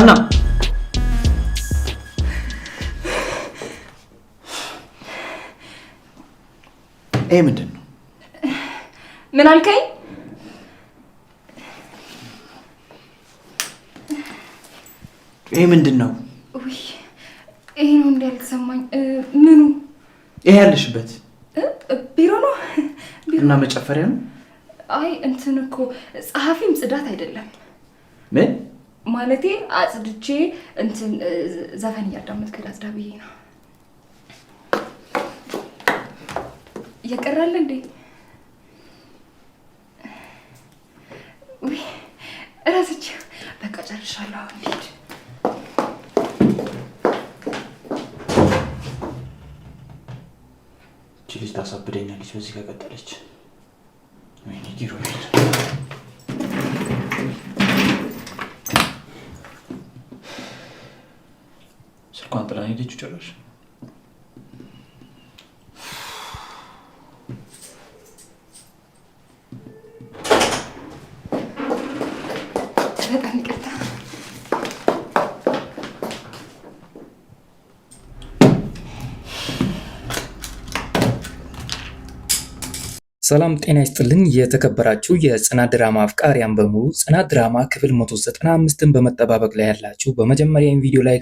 Hanna! ይህ ምንድን ነው? ምን አልከኝ? ይህ ምንድን ነው? ይሄ ነው እንዲ ያልተሰማኝ። ምኑ? ይሄ ያለሽበት ቢሮ ነው እና መጨፈሪያ ነው። አይ እንትን እኮ ጸሐፊም ጽዳት አይደለም። ምን ማለቴ አጽድቼ እንትን ዘፈን እያዳመጥክ ዳዝዳ ብዬ ነው። እየቀራል እንዴ? እራስች በቃ ጨርሻለሁ። አሁን ሄድ ልጅ ታሳብደኛለች በዚህ ከቀጠለች። ወይኔ ጊሮ ሄድ ሄደችው ጭራሽ ሰላም ጤና ይስጥልን። የተከበራችሁ የጽናት ድራማ አፍቃሪያን በሙሉ ጽናት ድራማ ክፍል 195ን በመጠባበቅ ላይ ያላችሁ፣ በመጀመሪያ ቪዲዮ ላይ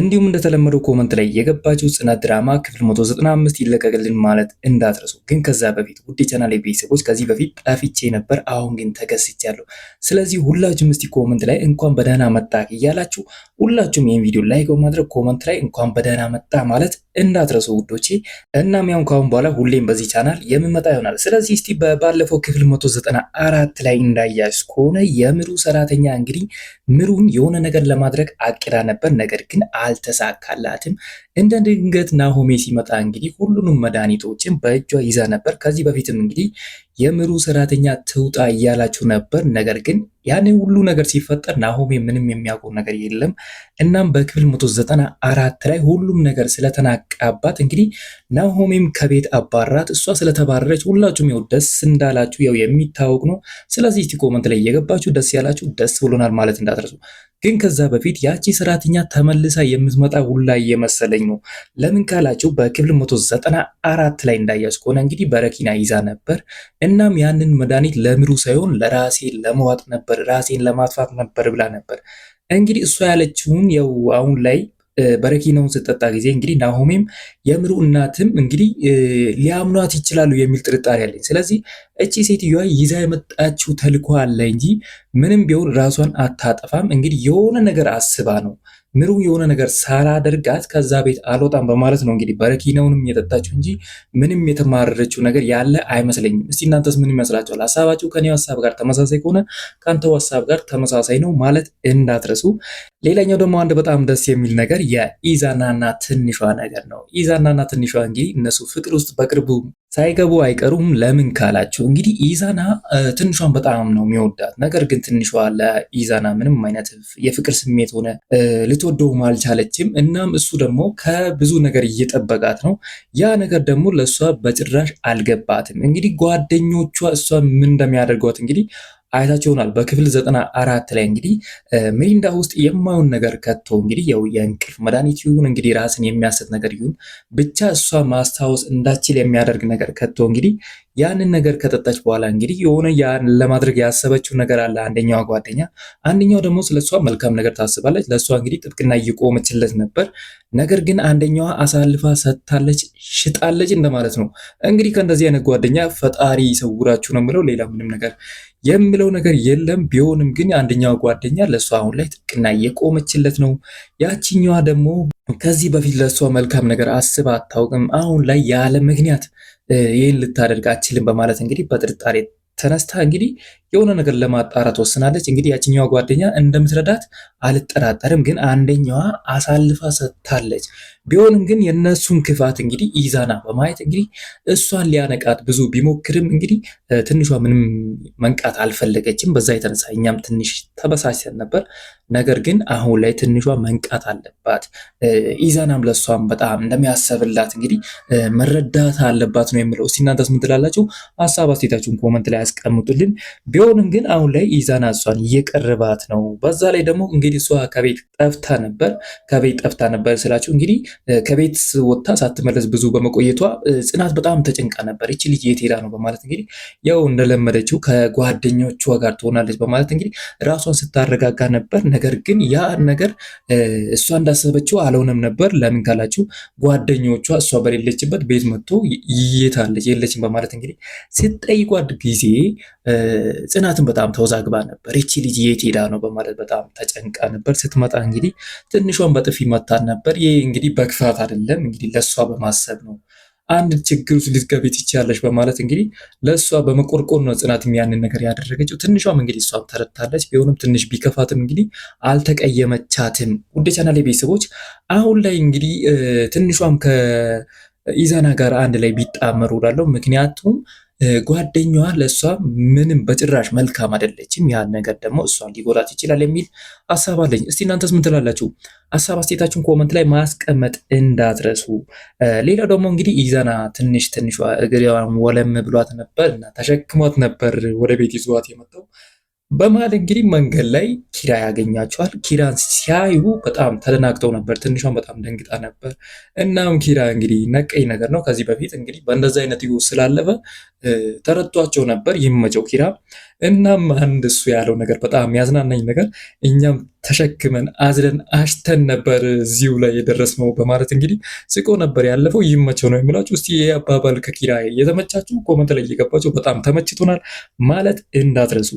እንዲሁም እንደተለመደው ኮመንት ላይ የገባችው ጽናት ድራማ ክፍል 195 ይለቀቅልን ማለት እንዳትረሱ። ግን ከዛ በፊት ውድ የቻናል ቤተሰቦች ከዚህ በፊት ጠፍቼ ነበር፣ አሁን ግን ተከስቻለሁ። ስለዚህ ሁላችሁም እስቲ ኮመንት ላይ እንኳን በደህና መጣ እያላችሁ ሁላችሁም ይህን ቪዲዮ ላይክ በማድረግ ኮመንት ላይ እንኳን በደህና መጣ ማለት እንዳትረሱ ውዶቼ። እናም ያው ካሁን በኋላ ሁሌም በዚህ ቻናል የምመጣ ይሆናል። ስለዚህ እስቲ ባለፈው ክፍል 194 ላይ እንዳያዝ ከሆነ የምሩ ሰራተኛ እንግዲህ ምሩን የሆነ ነገር ለማድረግ አቅዳ ነበር፣ ነገር ግን አልተሳካላትም። እንደ ድንገት ናሆሜ ሲመጣ እንግዲህ ሁሉንም መድኃኒቶችን በእጇ ይዛ ነበር። ከዚህ በፊትም እንግዲህ የምሩ ሰራተኛ ትውጣ እያላችሁ ነበር። ነገር ግን ያኔ ሁሉ ነገር ሲፈጠር ናሆሜ ምንም የሚያውቀው ነገር የለም። እናም በክፍል መቶ ዘጠና አራት ላይ ሁሉም ነገር ስለተናቃባት እንግዲህ ናሆሜም ከቤት አባራት። እሷ ስለተባረረች ሁላችሁም ያው ደስ እንዳላችሁ ያው የሚታወቅ ነው። ስለዚህ ኮመንት ላይ እየገባችሁ ደስ ያላችሁ ደስ ብሎናል ማለት እንዳትረሱ። ግን ከዛ በፊት ያቺ ሰራተኛ ተመልሳ የምትመጣ ሁላ እየመሰለኝ ነው። ለምን ካላችሁ በክፍል 194 ላይ እንዳያችሁ ከሆነ እንግዲህ በረኪና ይዛ ነበር። እናም ያንን መድኃኒት ለምሩ ሳይሆን ለራሴ ለመዋጥ ነበር፣ ራሴን ለማጥፋት ነበር ብላ ነበር። እንግዲህ እሷ ያለችውን ያው አሁን ላይ በረኪናውን ስጠጣ ጊዜ እንግዲህ ናሆሜም የምሩ እናትም እንግዲህ ሊያምኗት ይችላሉ የሚል ጥርጣሬ አለኝ። ስለዚህ እቺ ሴትዮዋ ይዛ የመጣችው ተልኮ አለ እንጂ ምንም ቢሆን ራሷን አታጠፋም። እንግዲህ የሆነ ነገር አስባ ነው ምሩ የሆነ ነገር ሳላደርጋት ከዛ ቤት አልወጣም በማለት ነው እንግዲህ በረኪናውንም የጠጣችው እንጂ ምንም የተማረረችው ነገር ያለ አይመስለኝም። እስቲ እናንተስ ምን ይመስላችኋል? ሀሳባችሁ ከኔ ሀሳብ ጋር ተመሳሳይ ከሆነ ከአንተው ሀሳብ ጋር ተመሳሳይ ነው ማለት እንዳትረሱ። ሌላኛው ደግሞ አንድ በጣም ደስ የሚል ነገር የኢዛናና ትንሿ ነገር ነው። ኢዛናና ትንሿ እንግዲህ እነሱ ፍቅር ውስጥ በቅርቡ ሳይገቡ አይቀሩም። ለምን ካላችሁ እንግዲህ ኢዛና ትንሿን በጣም ነው የሚወዳት። ነገር ግን ትንሿ ለኢዛና ምንም አይነት የፍቅር ስሜት ሆነ ልትወደውም አልቻለችም። እናም እሱ ደግሞ ከብዙ ነገር እየጠበቃት ነው። ያ ነገር ደግሞ ለእሷ በጭራሽ አልገባትም። እንግዲህ ጓደኞቿ እሷ ምን እንደሚያደርጓት እንግዲህ አይታቸው ይሆናል። በክፍል ዘጠና አራት ላይ እንግዲህ ሚሪንዳ ውስጥ የማየውን ነገር ከቶ እንግዲህ ያው የእንቅልፍ መድኃኒት ይሁን እንግዲህ ራስን የሚያስት ነገር ይሁን ብቻ እሷ ማስታወስ እንዳችል የሚያደርግ ነገር ከቶ እንግዲህ ያንን ነገር ከጠጣች በኋላ እንግዲህ የሆነ ለማድረግ ያሰበችው ነገር አለ። አንደኛው ጓደኛ፣ አንደኛው ደግሞ ስለሷ መልካም ነገር ታስባለች። ለእሷ እንግዲህ ጥብቅና እየቆመችለት ነበር። ነገር ግን አንደኛዋ አሳልፋ ሰጥታለች፣ ሽጣለች እንደማለት ነው። እንግዲህ ከእንደዚህ አይነት ጓደኛ ፈጣሪ ይሰውራችሁ ነው የምለው። ሌላ ምንም ነገር የምለው ነገር የለም። ቢሆንም ግን አንደኛው ጓደኛ ለእሷ አሁን ላይ ጥቅና የቆመችለት ነው። ያችኛዋ ደግሞ ከዚህ በፊት ለእሷ መልካም ነገር አስባ አታውቅም። አሁን ላይ ያለ ምክንያት ይህን ልታደርግ አችልም በማለት እንግዲህ በጥርጣሬ ተነስታ እንግዲህ የሆነ ነገር ለማጣራት ወስናለች። እንግዲህ ያችኛዋ ጓደኛ እንደምትረዳት አልጠራጠርም፣ ግን አንደኛዋ አሳልፋ ሰጥታለች። ቢሆንም ግን የእነሱን ክፋት እንግዲህ ኢዛና በማየት እንግዲህ እሷን ሊያነቃት ብዙ ቢሞክርም እንግዲህ ትንሿ ምንም መንቃት አልፈለገችም። በዛ የተነሳ እኛም ትንሽ ተበሳጭተን ነበር። ነገር ግን አሁን ላይ ትንሿ መንቃት አለባት። ኢዛናም ለእሷም በጣም እንደሚያሰብላት እንግዲህ መረዳት አለባት ነው የምለው። እስቲ እናንተስ ምን ትላላችሁ? ሀሳብ አስተያየታችሁን ኮመንት ላይ ያስቀምጡልን። ቢሆንም ግን አሁን ላይ ኢዛና እሷን እየቀረባት ነው። በዛ ላይ ደግሞ እንግዲህ እሷ ከቤት ጠፍታ ነበር። ከቤት ጠፍታ ነበር ስላችሁ እንግዲህ ከቤት ወጥታ ሳትመለስ ብዙ በመቆየቷ ጽናት በጣም ተጨንቃ ነበር። ይቺ ልጅ የት ሄዳ ነው በማለት እንግዲህ ያው እንደለመደችው ከጓደኞቿ ጋር ትሆናለች በማለት እንግዲህ ራሷን ስታረጋጋ ነበር። ነገር ግን ያ ነገር እሷ እንዳሰበችው አልሆነም ነበር። ለምን ካላችሁ ጓደኞቿ እሷ በሌለችበት ቤት መጥቶ ይታለች የለችም በማለት እንግዲህ ስትጠይቋት ጊዜ ጽናትን በጣም ተወዛግባ ነበር። ይቺ ልጅ የት ሄዳ ነው በማለት በጣም ተጨንቃ ነበር። ስትመጣ እንግዲህ ትንሿን በጥፊ መታን ነበር። ይህ እንግዲህ በክፋት አይደለም እንግዲህ ለእሷ በማሰብ ነው። አንድ ችግር ውስጥ ልትገቢ ትችያለሽ በማለት እንግዲህ ለእሷ በመቆርቆር ነው ጽናት ያንን ነገር ያደረገችው። ትንሿም እንግዲህ እሷ ተረድታለች። ቢሆንም ትንሽ ቢከፋትም እንግዲህ አልተቀየመቻትም። ውድ ቻናሌ ቤተሰቦች አሁን ላይ እንግዲህ ትንሿም ከኢዛና ጋር አንድ ላይ ቢጣመሩ ላለው ምክንያቱም ጓደኛዋ ለእሷ ምንም በጭራሽ መልካም አይደለችም። ያን ነገር ደግሞ እሷን ሊጎዳት ይችላል የሚል ሀሳብ አለኝ። እስቲ እናንተስ ምን ትላላችሁ? ሀሳብ አስተያየታችሁን ኮመንት ላይ ማስቀመጥ እንዳትረሱ። ሌላው ደግሞ እንግዲህ ኢዛና ትንሽ ትንሿ እግሯን ወለም ብሏት ነበር እና ተሸክሟት ነበር ወደ ቤት ይዟት የመጣው በመሀል እንግዲህ መንገድ ላይ ኪራ ያገኛቸዋል። ኪራን ሲያዩ በጣም ተደናግጠው ነበር። ትንሿን በጣም ደንግጣ ነበር። እናም ኪራ እንግዲህ ነቀኝ ነገር ነው። ከዚህ በፊት እንግዲህ በእንደዚህ አይነት ህይወት ስላለፈ ተረቷቸው ነበር። ይመቸው ኪራ። እናም አንድ እሱ ያለው ነገር በጣም ያዝናናኝ ነገር እኛም ተሸክመን አዝለን አሽተን ነበር እዚሁ ላይ የደረስነው በማለት እንግዲህ ስቆ ነበር ያለፈው። ይመቸው ነው የሚላችሁ። እስቲ ይህ አባባል ከኪራ የተመቻችሁ ኮመንት ላይ እየገባችሁ በጣም ተመችቶናል ማለት እንዳትረሱ።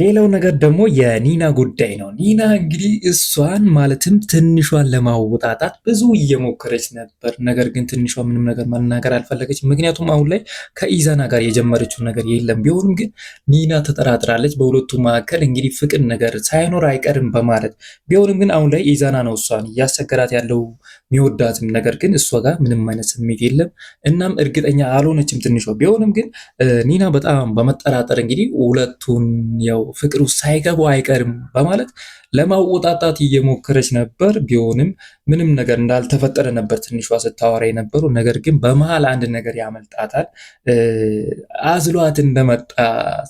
ሌላው ነገር ደግሞ የኒና ጉዳይ ነው። ኒና እንግዲህ እሷን ማለትም ትንሿን ለማወጣጣት ብዙ እየሞከረች ነበር። ነገር ግን ትንሿ ምንም ነገር መናገር አልፈለገች። ምክንያቱም አሁን ላይ ከኢዛና ጋር የጀመረችው ነገር የለም። ቢሆንም ግን ኒና ተጠራጥራለች፣ በሁለቱ መካከል እንግዲህ ፍቅር ነገር ሳይኖር አይቀርም በማለት ቢሆንም ግን አሁን ላይ ኢዛና ነው እሷን እያስቸገራት ያለው የሚወዳትም። ነገር ግን እሷ ጋር ምንም አይነት ስሜት የለም። እናም እርግጠኛ አልሆነችም ትንሿ። ቢሆንም ግን ኒና በጣም በመጠራጠር እንግዲህ ሁለቱን ያው ፍቅር ውስጥ ሳይገቡ አይቀርም በማለት ለማወጣጣት እየሞከረች ነበር። ቢሆንም ምንም ነገር እንዳልተፈጠረ ነበር ትንሿ ስታወራ የነበሩ። ነገር ግን በመሀል አንድ ነገር ያመልጣታል። አዝሏት እንደመጣ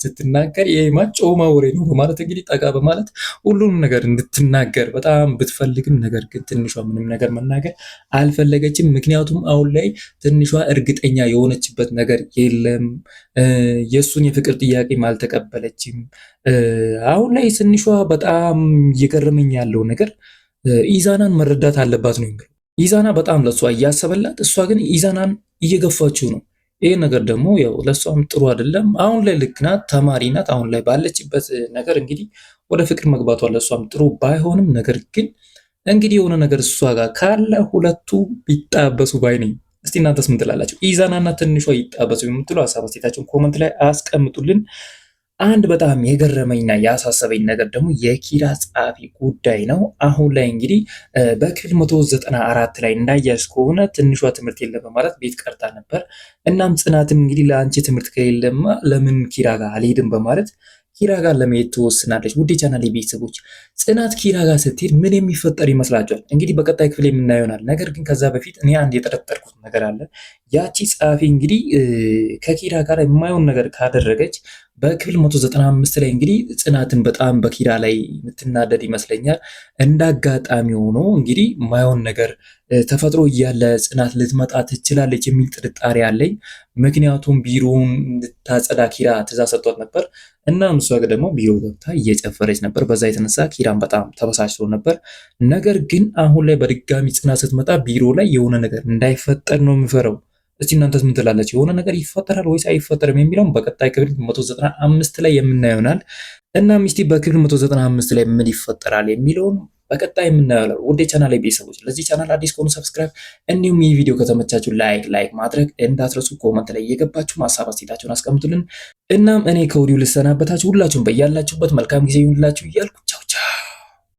ስትናገር የማጮ ወሬ ነው በማለት እንግዲህ ጠጋ በማለት ሁሉንም ነገር እንድትናገር በጣም ብትፈልግም፣ ነገር ግን ትንሿ ምንም ነገር መናገር አልፈለገችም። ምክንያቱም አሁን ላይ ትንሿ እርግጠኛ የሆነችበት ነገር የለም። የእሱን የፍቅር ጥያቄም አልተቀበለችም። አሁን ላይ ትንሿ በጣም እየገረመኝ ያለው ነገር ኢዛናን መረዳት አለባት ነው የሚለው። ኢዛና በጣም ለእሷ እያሰበላት፣ እሷ ግን ኢዛናን እየገፋችው ነው። ይህ ነገር ደግሞ ያው ለእሷም ጥሩ አይደለም። አሁን ላይ ልክ ናት፣ ተማሪ ናት። አሁን ላይ ባለችበት ነገር እንግዲህ ወደ ፍቅር መግባቷ ለእሷም ጥሩ ባይሆንም ነገር ግን እንግዲህ የሆነ ነገር እሷ ጋር ካለ ሁለቱ ቢጣበሱ ባይ ነኝ። እስቲ እናንተስ ምን ትላላችሁ? ኢዛናና ትንሿ ይጣበሱ የምትሉ ሀሳብ አስተያየታችሁን ኮመንት ላይ አስቀምጡልን። አንድ በጣም የገረመኝና ያሳሰበኝ ነገር ደግሞ የኪራ ጸሐፊ ጉዳይ ነው። አሁን ላይ እንግዲህ በክፍል 194 ላይ እንዳያስ ከሆነ ትንሿ ትምህርት የለም በማለት ቤት ቀርታ ነበር። እናም ጽናትም እንግዲህ ለአንቺ ትምህርት ከሌለማ ለምን ኪራ ጋር አልሄድም በማለት ኪራ ጋር ለመሄድ ትወስናለች። ውድ ቻናል ቤተሰቦች ጽናት ኪራ ጋር ስትሄድ ምን የሚፈጠር ይመስላችኋል? እንግዲህ በቀጣይ ክፍል የምናየው ይሆናል። ነገር ግን ከዛ በፊት እኔ አንድ የጠረጠርኩት ነገር አለ። ያቺ ጸሐፊ እንግዲህ ከኪራ ጋር የማየውን ነገር ካደረገች በክፍል 195 ላይ እንግዲህ ጽናትን በጣም በኪራ ላይ የምትናደድ ይመስለኛል። እንዳጋጣሚ ሆኖ እንግዲህ ማየውን ነገር ተፈጥሮ እያለ ጽናት ልትመጣ ትችላለች የሚል ጥርጣሬ አለኝ። ምክንያቱም ቢሮውን ልታጸዳ ኪራ ትእዛዝ ሰጥቷት ነበር። እናም እሷ ደግሞ ቢሮ ገብታ እየጨፈረች ነበር። በዛ የተነሳ ኪራን በጣም ተበሳጭቶ ነበር። ነገር ግን አሁን ላይ በድጋሚ ጽናት ስትመጣ ቢሮ ላይ የሆነ ነገር እንዳይፈጠር ነው የሚፈረው። እስቲ እናንተስ ምን ትላላችሁ? የሆነ ነገር ይፈጠራል ወይስ አይፈጠርም የሚለውም በቀጣይ ክፍል 195 ላይ የምናየው ይሆናል። እናም እስቲ በክፍል 195 ላይ ምን ይፈጠራል የሚለውም በቀጣይ የምናያለው ውድ የቻናል ቤተሰቦች፣ ለዚህ ቻናል አዲስ ከሆኑ ሰብስክራይብ፣ እንዲሁም ይህ ቪዲዮ ከተመቻችሁ ላይክ ላይክ ማድረግ እንዳትረሱ። ኮመንት ላይ እየገባችሁ ሀሳብ አስተያየታችሁን አስቀምጡልን። እናም እኔ ከወዲሁ ልሰናበታችሁ፣ ሁላችሁም በያላችሁበት መልካም ጊዜ ይሁንላችሁ እያልኩ ቻው ቻው።